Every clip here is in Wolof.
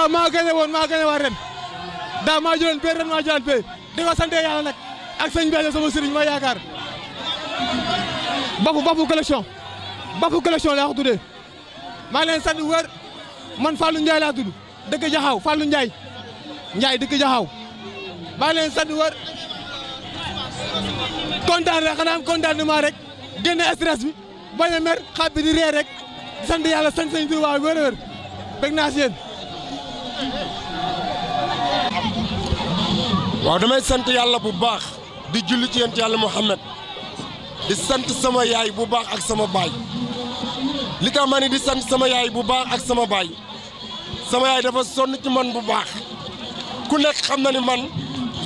daaw maa gagné woon maa gagné waat ren maa jëloon pay maa jëlaat pay di ko sant ak sëñ Bello sama sëriñ ma yaakaar bafu bafu collection bafu collection laa ko tuddee maa leen sant wër man Fallou Ndiaye laa tudd dëkk Jaxaaw Fallou Ndiaye Ndiaye dëkk Jaxaaw maa leen sant wër kontaan rek xanaa am contentement rek génne stress bi bañ a mer xàpp bi ree rek sant yàlla sant sëñ Tuubaa wër wër bëgg naa si waaw damay sant yàlla bu baax di julli ci yent yàlla Muhammad di sant sama yaay bu baax ak sama baay li tax ma ni di sant sama yaay bu baax ak sama baay sama yaay dafa sonn ci man bu baax ku nekk xam na ni man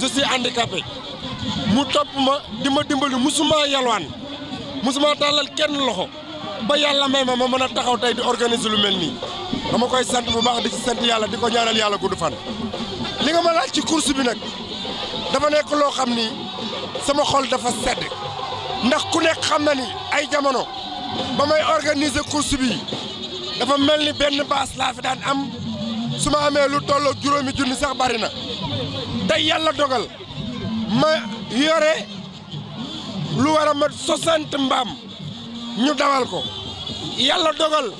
je suis handicapé mu topp ma di ma dimbali musuma yalwaan musuma tàllal kenn loxo ba yàlla may ma ma mën a taxaw tey di organiser lu mel nii dama koy sant bu baax di sant yàlla di ko ñaanal yàlla gudd fan. li nga ma laaj ci course bi nag dafa nekk loo xam ni sama xol dafa sedd ndax ku nekk xam na ni ay jamono ba may organise course bi dafa mel ni benn baas laa daan am su ma amee lu tolloo juróomi junni sax bari na tey yàlla dogal ma yore lu war a mat 60 mbaam. ñu dawal ko yàlla dogal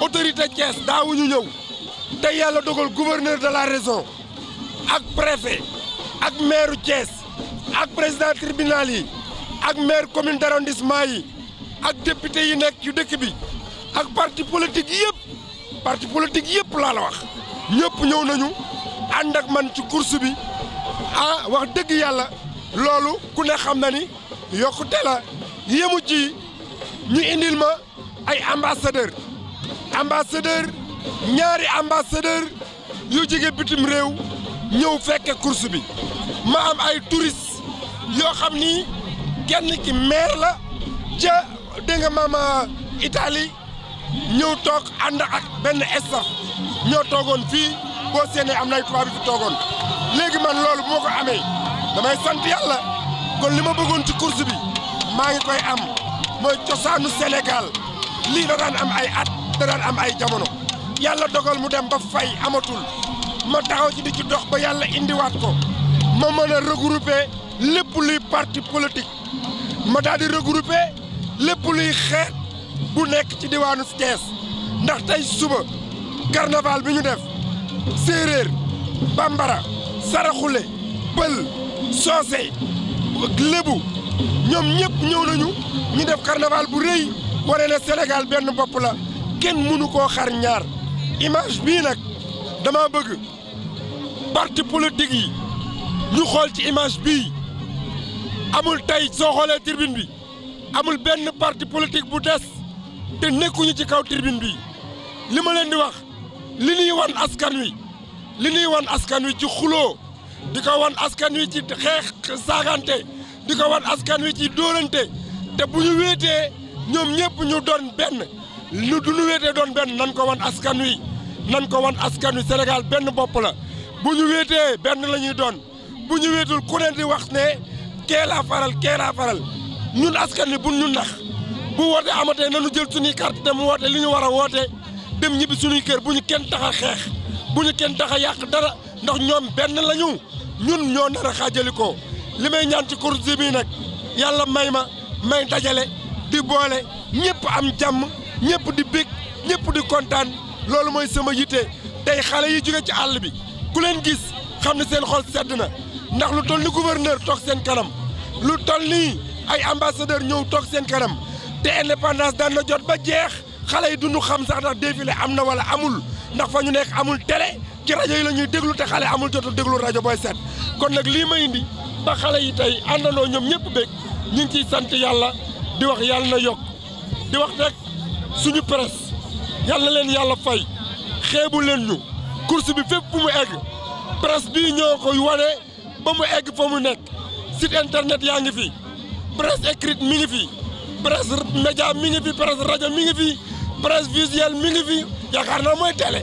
autorité Thiès daawuñu ñëw te yàlla dogal gouverneur da la région ak préfet ak maire Thiès ak président tribunal yi ak maire commune d'arrondissement yi ak député yi nekk yu dëkk bi ak parti politique yëpp parti politique yëpp laa la wax ñëpp ñëw nañu ànd ak man ci course bi ah wax dëgg yàlla loolu ku ne xam na ni yokkute la yemu ci ñu indil ma ay ambassadeur ambassadeur ñaari ambassadeur yu jóge bitim réew ñëw fekke course bi ma am ay touriste yoo xam ni genn ki maire la ca dégg nga maama Italie ñëw toog ànd ak benn staff ñoo toogoon fii boo seenee am na ay toogoon léegi man loolu bu ma ko amee damay sant yàlla kon li ma bëggoon ci course bi maa ngi koy am mooy cosaanu Sénégal lii da daan am ay at da daan am ay jamono yàlla dogal mu dem ba fay amatul ma taxaw ci di ci dox ba yàlla indiwaat ko ma mën a regrouper lépp luy parti politique ma daal di lépp luy xeet bu nekk ci diwaanu tees ndax tey suba carnaval bi ñu def séeréer bambara saraxule pël soose lébu ñoom ñëpp ñëw nañu ñu def carnaval bu rëy waree na Sénégal benn bopp la kenn mënu koo xar ñaar image bii nag dama bëgg parti politique yi ñu xool ci image bii amul tey soo xoolee tribune bi amul benn parti politique bu des te nekkuñu ci kaw tribune bi li ma leen di wax li ñuy wan askan wi li ñuy wan askan wi ci xuloo di ko wan askan wi ci xeex saagante di ko wan askan wi ci dóorante te bu ñu wéetee ñoom ñëpp ñu doon benn lu du ñu wéetee doon benn nan ko wan askan wi nan ko wan askan wi Sénégal benn bopp la bu ñu wéetee benn la ñuy doon bu ñu wéetul ku ne wax ne kee laa faral kee laa faral ñun askan wi bu ñu nax bu woote amatee nañu jël suñuy carte dem woote li ñu war a woote dem ñibbi suñuy kër bu ñu kenn tax xeex bu ñu kenn tax a yàq dara ndax ñoom benn lañu ñun ñoo nar a xaajali ko li may ñaan ci course bi nag yàlla may ma may dajale di boole ñëpp am jàmm ñëpp di bég ñëpp di kontaan loolu mooy sama yitte tey xale yi jóge ci àll bi ku leen gis xam ne seen xol sedd na ndax lu toll ni gouverneur toog seen kanam lu toll nii ay ambassadeur ñëw toog seen kanam te indépendance daan na jot ba jeex xale yi duñu xam sax ndax défilé am na wala amul ndax fa ñu nekk amul télé ci rajo yi la ñuy déglu te xale amul jotul déglu rajo booy seet kon nag lii ma ba xale yi tey àndandoo ñoom ñëpp bég ñu ngi ciy sant yàlla di wax yàlla na yokk diwax wax rek suñu presse yàlla leen yàlla fay xeebu leen ñu course bi fépp mu egg presse bii ñoo koy wane ba egg fa mu nekk sit internet yaa ngi fi presse écrite mi ngi fi presse média mi ngi fi presse rajo mi ngi fi presse visuelle mi ngi fi yaakaar naa mooy télé.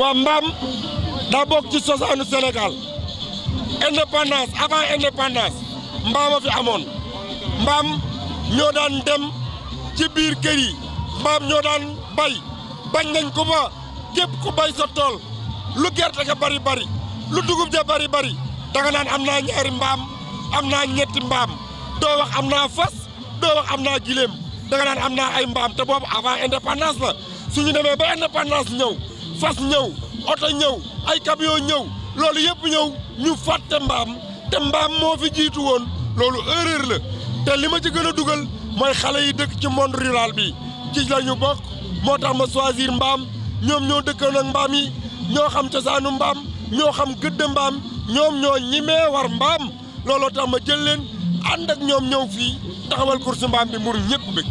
waa mbaam daa bokk ci cosaanu Sénégal indépendance avant indépendance mbaam a fi amoon mbaam ñoo daan dem ci biir kër yi mbaam ñoo daan bay bañ nañ ko ba ku bay sa tool lu gerte ga bari bari lu dugub ja bari bari danga naan am naa ñaari mbaam am naa ñetti mbaam doo wax am naa fas doo wax am naa giléem danga naan am naa ay mbaam te boobu avant indépendance la suñu demee ba indépendance ñëw fas ñëw oto ñëw ay camion ñëw loolu yëpp ñëw ñu fàtte mbaam te mbaam moo fi jiitu woon loolu erreur la te li ma ci gën a dugal mooy xale yi dëkk ci monde rural bi ci la ñu bokk moo tax ma soisir mbaam ñoom ñoo dëkkoon ak mbaam yi ñoo xam cosaanu mbaam ñoo xam gëdd mbaam ñoom ñoo ñimee war mbaam looloo tax ma jël leen ànd ak ñoom ñëw fii taxawal course mbaam bi mbur ñëpp bëgg